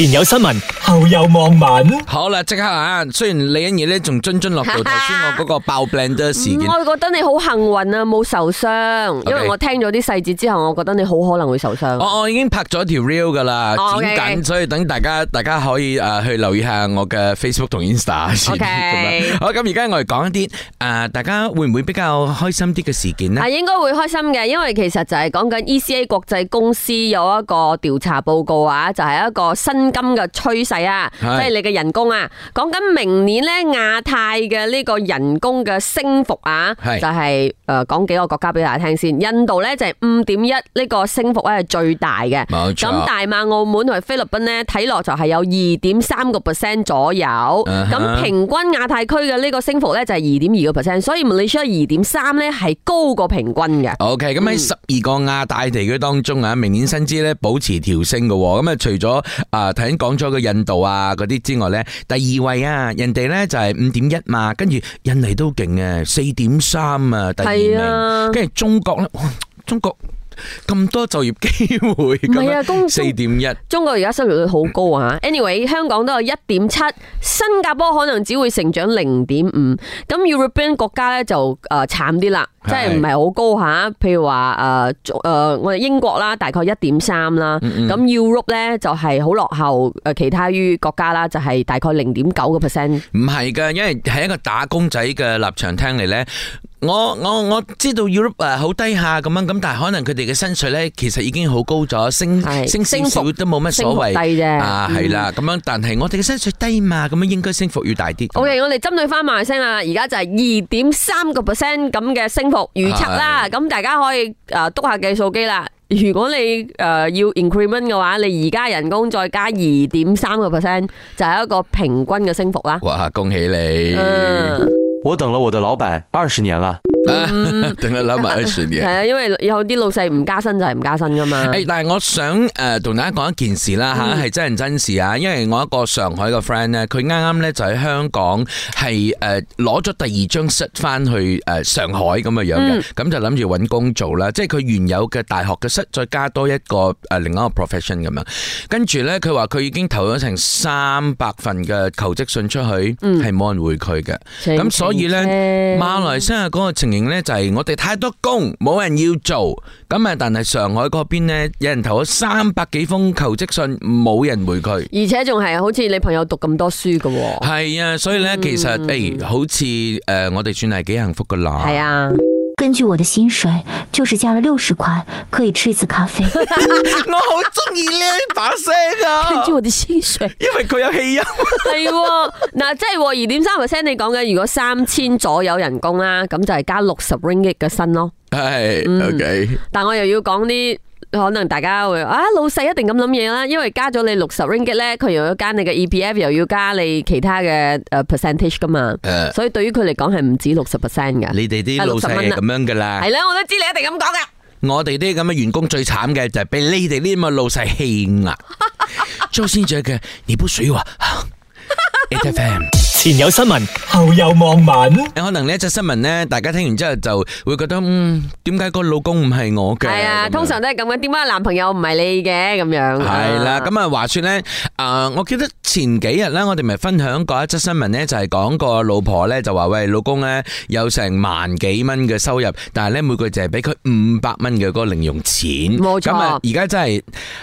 前有新聞，後有網民。好啦，即刻啊！雖然李欣怡咧仲津津樂道頭先我嗰個爆病嘅事件，我覺得你好幸運啊，冇受傷。因為我聽咗啲細節之後，我覺得你好可能會受傷。我我已經拍咗條 reel 噶啦，剪緊，所以等大家大家可以誒去留意下我嘅 Facebook 同 Insta 先。好，咁而家我哋講一啲誒，大家會唔會比較開心啲嘅事件咧？啊，應該會開心嘅，因為其實就係講緊 ECA 國際公司有一個調查報告啊，就係一個新。金嘅趨勢啊，即係你嘅人工啊，講緊明年咧亞太嘅呢個人工嘅升幅啊，就係誒講幾個國家俾大家聽先，印度咧就係五點一呢個升幅咧係最大嘅，咁大馬、澳門同埋菲律賓咧睇落就係有二點三個 percent 左右，咁平均亞太區嘅呢個升幅咧就係二點二個 percent，所以你需要二點三咧係高過平均嘅。OK，咁喺十二個亞太地區當中啊，明年薪資咧保持調升嘅，咁啊除咗誒。頭先講咗個印度啊嗰啲之外呢，第二位啊，人哋呢就係五點一嘛，跟住印尼都勁啊，四點三啊，第二名，跟住是、啊、中國呢？哇，中國。咁多就業機會，唔係啊，四點一。中國而家失業率好高啊。Anyway，香港都有一點七，新加坡可能只會成長零點五。咁 Europe 國家咧就誒慘啲啦，即係唔係好高吓。譬如話誒誒，我哋英國啦，大概一點三啦。咁 Europe 咧就係好落後誒，其他于國家啦，就係大概零點九個 percent。唔係噶，因為喺一個打工仔嘅立場聽嚟咧。我我我知道 Europe 誒好低下咁樣，咁但係可能佢哋嘅薪水咧，其實已經好高咗，升升升少都冇乜所謂，低啫，啊係啦咁樣，但係我哋嘅薪水低嘛，咁樣應該升幅要大啲。OK，我哋針對翻萬星啦，而家就係二點三個 percent 咁嘅升幅預測啦，咁大家可以誒督下計數機啦。如果你誒要 increment 嘅話，你而家人工再加二點三個 percent，就係一個平均嘅升幅啦。哇！恭喜你。嗯。我等了我的老闆二十年了。嗯，定係諗埋佢算嘅。係啊，因為有啲老細唔加薪就係唔加薪噶嘛。誒，但係我想誒同大家講一件事啦吓，係真人真事啊。因為我一個上海嘅 friend 咧，佢啱啱咧就喺香港係誒攞咗第二張 set 翻去誒上海咁嘅樣嘅，咁就諗住揾工做啦。即係佢原有嘅大學嘅 set，再加多一個誒另外一個 profession 咁樣。跟住咧，佢話佢已經投咗成三百份嘅求職信出去，係冇人回佢嘅。咁所以咧，馬來西亞嗰個情型咧就係我哋太多工，冇人要做。咁啊，但係上海嗰邊咧，有人投咗三百幾封求職信，冇人回佢。而且仲係好似你朋友讀咁多書噶。係啊，所以咧，其實誒，好似誒，我哋算係幾幸福噶啦。係啊。根據我的薪水，就是加了六十塊，可以吃一次咖啡。 我好中意呢把聲啊！根據我的薪水，因為佢有氣音。係 嗱、哦，即係二點三 percent，你講嘅如果三千左右人工啦，咁就係加六十 ringgit 嘅薪咯。係，OK。但我又要講啲。可能大家會啊，老細一定咁諗嘢啦，因為加咗你六十 ringgit 咧，佢又要加你嘅 EPF，又要加你其他嘅誒 percentage 噶嘛，uh, 所以對於佢嚟講係唔止六十 percent 噶。的你哋啲老細係咁樣噶啦。係啦，我都知你一定咁講噶。我哋啲咁嘅員工最慘嘅就係俾你哋呢啲咁嘅老細氣啊！周先生嘅你不水我。哈哈哈！前有新聞，後有網民。有可能呢一則新聞呢，大家聽完之後就會覺得，嗯，點解個老公唔係我嘅？係啊，這樣通常都係咁樣，點解男朋友唔係你嘅咁樣？係啦，咁啊，話說呢，誒，我記得前幾日呢，我哋咪分享過一則新聞呢，就係講個老婆呢，就話，喂，老公呢，有成萬幾蚊嘅收入，但係呢，每個月就係俾佢五百蚊嘅嗰個零用錢。冇錯錯。咁啊，而家真係，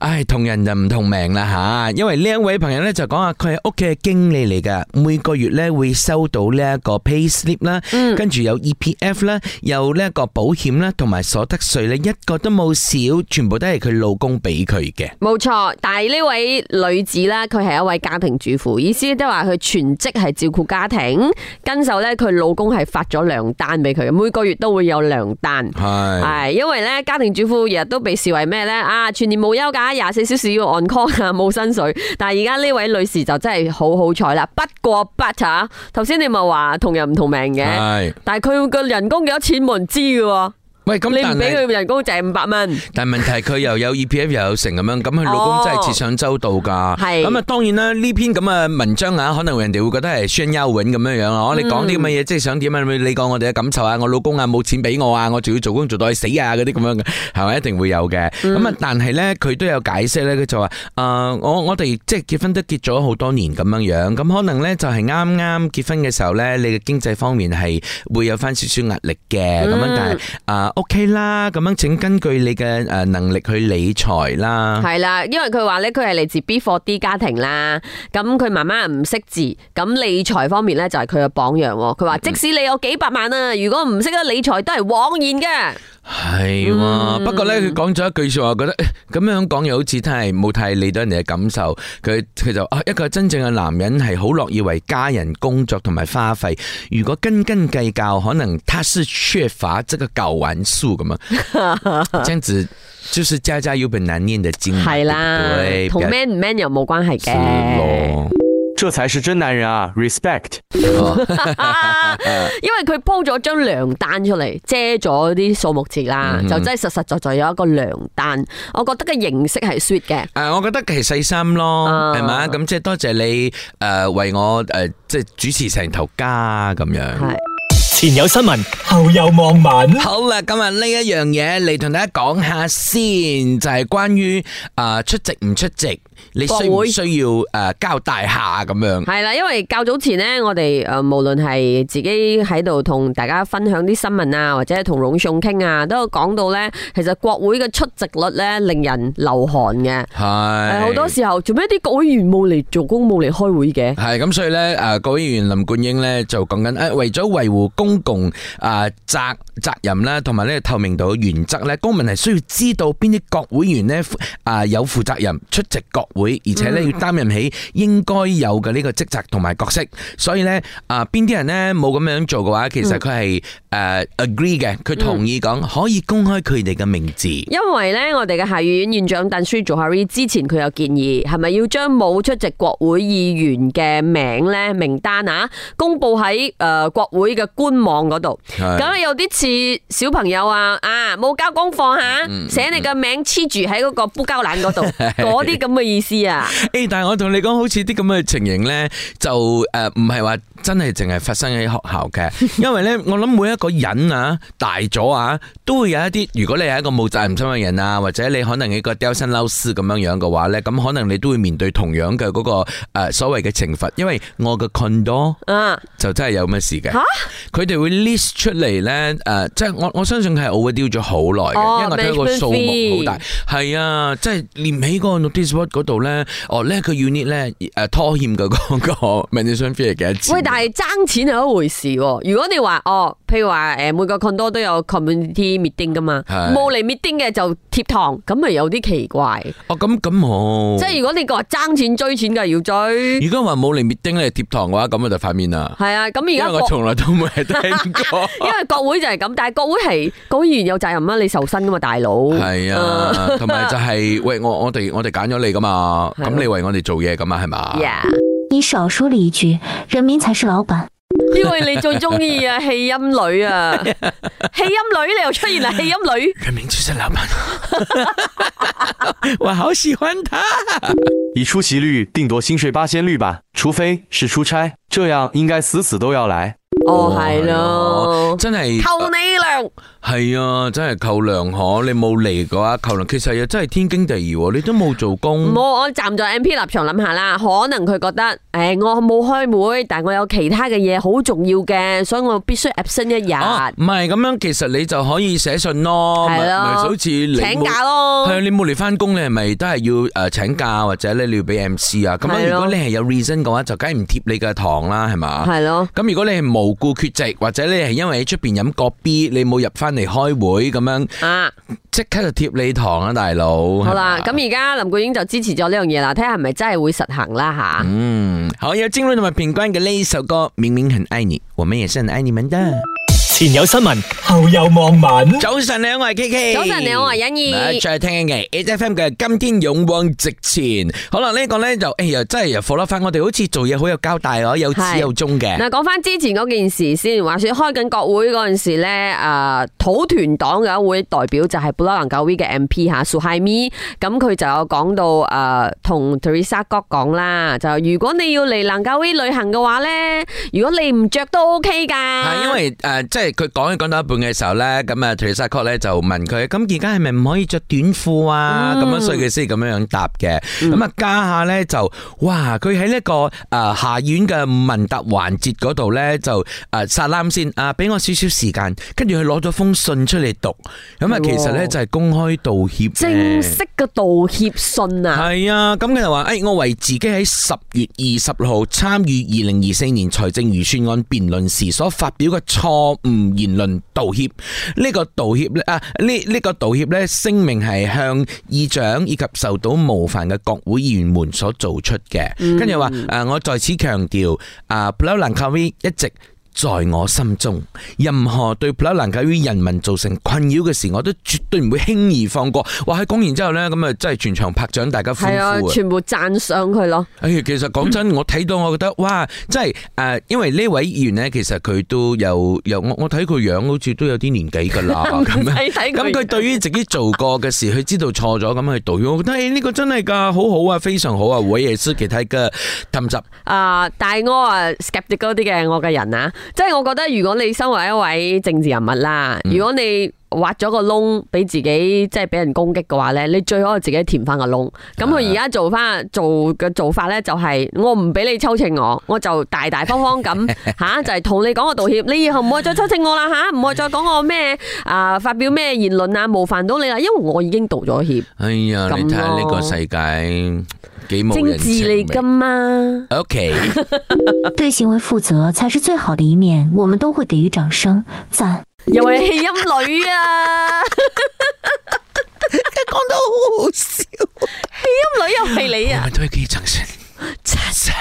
唉，同人就唔同命啦吓，因為呢一位朋友呢，就講下佢係屋企嘅經理嚟嘅，每個月咧會收到呢一個 pay slip 啦，跟住有 EPF 啦，有呢一個保險啦，同埋所得稅咧一個都冇少，全部都係佢老公俾佢嘅。冇錯，但係呢位女子啦，佢係一位家庭主婦，意思都話佢全職係照顧家庭，跟手咧佢老公係發咗糧單俾佢，每個月都會有糧單，係是 因為咧家庭主婦日日都被視為咩咧？啊，全年冇休假，廿四小時要按 call 啊，冇 薪水。但係而家呢位女士就真係好好彩啦。不過不查頭先，你咪話同人唔同命嘅。是 但係佢個人工幾多錢冇人知噶。喂，咁你唔俾佢人工就係五百蚊，但係問題佢又有 EPF 又有成咁樣，咁佢、哦、老公真係設想周到㗎。咁啊係當然啦，呢篇咁嘅文章啊，可能人哋會覺得係宣揚咁樣、嗯、樣咯。你講啲咁嘅嘢，即係想點啊？你講我哋嘅感受啊，我老公啊冇錢俾我啊，我仲要做工做到去死啊嗰啲咁樣嘅係咪？一定會有嘅。咁啊，但係咧佢都有解釋咧，佢就話：啊、呃，我我哋即係結婚都結咗好多年咁樣樣，咁可能咧就係啱啱結婚嘅時候咧，你嘅經濟方面係會有翻少少壓力嘅咁樣，嗯、但係啊。呃 O K 啦，咁樣、okay，請根據你嘅誒能力去理財啦。係啦，因為佢話咧，佢係嚟自 B40 家庭啦。咁佢媽媽唔識字，咁理財方面咧就係佢嘅榜樣。佢話即使你有幾百萬啊，如果唔識得理財都係枉然嘅。係，是啊嗯、不過咧佢講咗一句說話，覺得咁樣講又好似太冇太理到人哋嘅感受。佢佢就啊，一個真正嘅男人係好樂意為家人工作同埋花費。如果斤斤計較，可能他是缺乏即個夠玩數咁啊。 這樣子就是家家有本難念的經。係啦，同 man 唔 man 又冇關係嘅。這才是真男人啊，respect。 因為佢鋪咗張糧單出嚟，遮咗啲數目字啦，嗯、哼就真係實實在在有一個糧單。我覺得嘅形式係 sweet 嘅。誒、呃，我覺得係細心咯，係嘛、啊？咁即係多謝你誒、呃，為我誒，即、呃、係主持成頭家咁樣。前有新聞，後有網民。好啦，今日呢一樣嘢嚟同大家講下先，就係關於誒出席唔出席，你需唔需要誒交代下咁樣？係啦，因為較早前咧，我哋誒無論係自己喺度同大家分享啲新聞啊，或者同龍頌傾啊，都有講到咧，其實國會嘅出席率咧令人流汗嘅。係，好多時候做咩啲國會議員冇嚟做公務嚟開會嘅？係咁，所以咧誒，國會議員林冠英咧就講緊誒，為咗維護公。公共啊責責任啦，同埋呢個透明度嘅原則咧，公民係需要知道邊啲國會員咧啊有負責任出席國會，而且咧要擔任起應該有嘅呢個職責同埋角色。所以咧啊，邊啲人咧冇咁樣做嘅話，其實佢係誒 agree 嘅，佢同意講可以公開佢哋嘅名字。因為咧，我哋嘅下議院院長丹斯里佐哈里之前，佢有建議，係咪要將冇出席國會議員嘅名咧名單啊公布喺誒國會嘅官網度，咁啊有啲似小朋友啊啊，冇交功課吓，寫，嗯嗯、你嘅名黐住喺嗰個布膠欄嗰度，嗰啲咁嘅意思啊。誒、欸，但係我同你講，好似啲咁嘅情形咧，就誒唔係話真係淨係發生喺學校嘅，因為咧，我諗每一個人啊大咗啊，都會有一啲。如果你係一個冇責任心嘅人啊，或者你可能係一個丟身丟屍咁樣樣嘅話咧，咁可能你都會面對同樣嘅嗰、那個誒、呃、所謂嘅懲罰。因為我嘅 condo 啊，就真係有咩事嘅。吓，佢。我哋會 list 出嚟咧、呃，即係我我相信係我會屌咗好耐嘅，哦、因為佢個數目好大，係啊，即係連起個 noticeboard 嗰度咧，哦，咧、這、佢、個、unit 咧誒拖欠嘅嗰、那個 management fee 喂，是的但係爭錢係一回事喎。如果你話哦，譬如話每個 condo 都有 community meeting 噶嘛的，冇嚟 meeting 嘅就貼堂，咁咪有啲奇怪。哦，咁咁好。即係如果你講爭錢追錢嘅要追。如果話冇嚟 meeting 咧貼堂嘅話，咁咪就反面啦。係啊，咁而家我從來都唔 因為國會就係咁，但係國會係，國會議員有責任啊！你受薪噶嘛，大佬。係啊，同埋就係喂，我我哋我哋揀咗你噶嘛，咁 你為我哋做嘢咁啊，係嘛？Yeah. 你少說了一句，人民才是老闆， 因為你最中意啊，棄音女啊，棄 音女，你又出現啦，棄音女。 人民才是老闆， 我好喜歡他。 以出席率定奪薪水八仙率吧，除非是出差，這樣應該死死都要來。哦，係咯，真係扣你糧，係啊，真係扣糧嗬！你冇嚟嘅話扣糧，其實又真係天經地義，你都冇做工。唔好，我站在 MP 立場諗下啦，可能佢覺得，誒，我冇開會，但係我有其他嘅嘢好重要嘅，所以我必須 absent 一日。唔係咁樣，其實你就可以寫信咯，唔係好似請假咯。係你冇嚟翻工，你係咪都係要誒請假或者咧你要俾 MC 啊？咁如果你係有 reason 嘅話，就梗係唔貼你嘅堂啦，係嘛？係咯。咁如果你係無故缺席或者你係因為喺出邊飲個 B，你冇入翻嚟開會咁樣，即刻就貼你堂啦，大佬。好啦，咁而家林冠英就支持咗呢樣嘢啦，睇下係咪真係會實行啦吓。嗯，好，有梁靜茹同埋品冠嘅呢一首歌，明明很愛你，我們也是很愛你們的。前有新聞，後有網民。早晨咧，我係 K K。早晨咧，我係欣怡。嚟再聽一嘅 HFM 嘅今天勇往直前。好啦，呢個咧就誒又真係又火啦翻。我哋好似做嘢好有交代咯，有始有終嘅。嗱，講翻之前嗰件事先。話說開緊國會嗰陣時咧，誒土團黨嘅一位代表就係布拉蘭教威嘅 M P 吓，Suhaimi。咁佢就有講到誒同 Teresa Kok 講啦，就如果你要嚟蘭教威旅行嘅話咧，如果你唔着都 O K 噶。係因為誒即係。佢講完講到一半嘅時候咧，咁啊 Teresa Kok 咧就問佢，咁而家係咪唔可以着短褲啊？咁樣，所以佢先咁樣答嘅。咁啊、mm.，家下咧就哇，佢喺呢一個誒下院嘅問答環節嗰度咧就誒，刹諗先，啊，俾我少少時間，跟住佢攞咗封信出嚟讀，咁啊，其實咧就係公開道歉的，正式嘅道歉信啊。係啊，咁佢就話，誒、哎，我為自己喺十月二十號參與二零二四年財政預算案辯論時所發表嘅錯誤。言論道歉，呢、這個道歉咧啊，呢、這、呢個道歉咧聲明係向議長以及受到冒犯嘅國會議員們所做出嘅，跟住話誒，我在此強調，啊 Pralankavi 一直。在我心中，任何對普拉蘭加於人民造成困擾嘅事，我都絕對唔會輕易放過。話佢講完之後呢，咁啊真係全場拍掌，大家歡呼，全部讚賞佢咯、哎。其實講真，我睇到我覺得哇，真係誒、呃，因為呢位議員呢，其實佢都有由我我睇佢樣， 樣，好似都有啲年紀噶啦。咁佢對於自己做過嘅事，佢 知道錯咗咁去道歉，我覺得呢個真係噶，好好啊，非常好啊。我也是其他嘅、呃、啊，但係我啊 sceptical 啲嘅我嘅人啊。即係我覺得如果你身為一位政治人物啦，如果你挖咗個窿俾自己，即係俾人攻擊嘅話呢，你最好自己填翻個窿。咁佢而家做翻做嘅做法呢，就係我唔俾你抽清我，我就大大方方咁吓， 就係同你講個道歉。你以後唔可以再抽清我啦吓，唔可以再講我咩啊發表咩言論啊冒犯到你啦，因為我已經道咗歉。哎呀，這樣你睇下呢個世界，政治嚟噶嘛？OK， 對行為負責才是最好的一面，我們都會給予掌聲讚。讚又係氣音女啊，講得好好笑。氣音女又係你啊？我們都會給予掌聲，掌聲。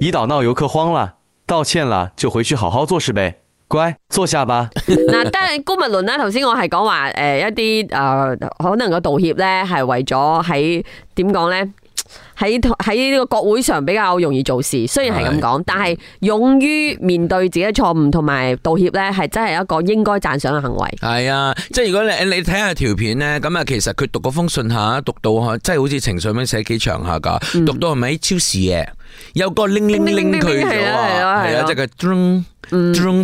伊島鬧遊客慌了，道歉啦，就回去好好做事唄，乖，坐下吧。嗱， 當然高啊，輪啦。頭先我係講話誒，一啲誒、呃，可能個道歉咧，係為咗喺點講咧？喺喺呢個國會上比較容易做事，雖然係咁講，但係勇於面對自己嘅錯誤同埋道歉咧，係真係一個應該讚賞嘅行為。係啊，即係如果你你睇下條片咧，咁啊，其實佢讀嗰封信下，讀到係真係好似情緒咁寫幾長下噶，嗯、讀到係咪喺超市嘅，有個拎拎拎佢咗啊，係啊，啊啊即係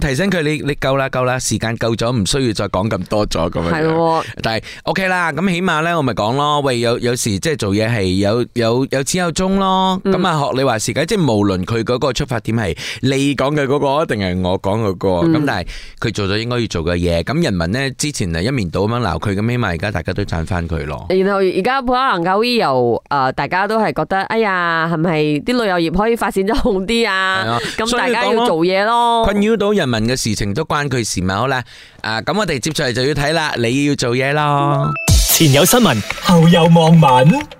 提醒佢，你你夠啦，夠啦，時間夠咗，唔需要再講咁多咗咁樣。係喎，但係 OK 啦，咁起碼咧，我咪講咯。喂，有有時即係做嘢係有有有始有終咯。咁啊，學你話事嘅，即係無論佢嗰個出發點係你講嘅嗰個，定係我講嘅個，咁但係佢做咗應該要做嘅嘢。咁人民咧之前係一面倒咁樣鬧佢，咁起碼而家大家都讚翻佢咯。然後而家可能又由誒，大家都係覺得，哎呀，係咪啲旅遊業可以發展得好啲啊？咁大家要做嘢咯。擾到人民嘅事情都關佢事咪好啦，啊，咁我哋接住嚟就要睇啦，你要做嘢咯，前有新聞，後有網民。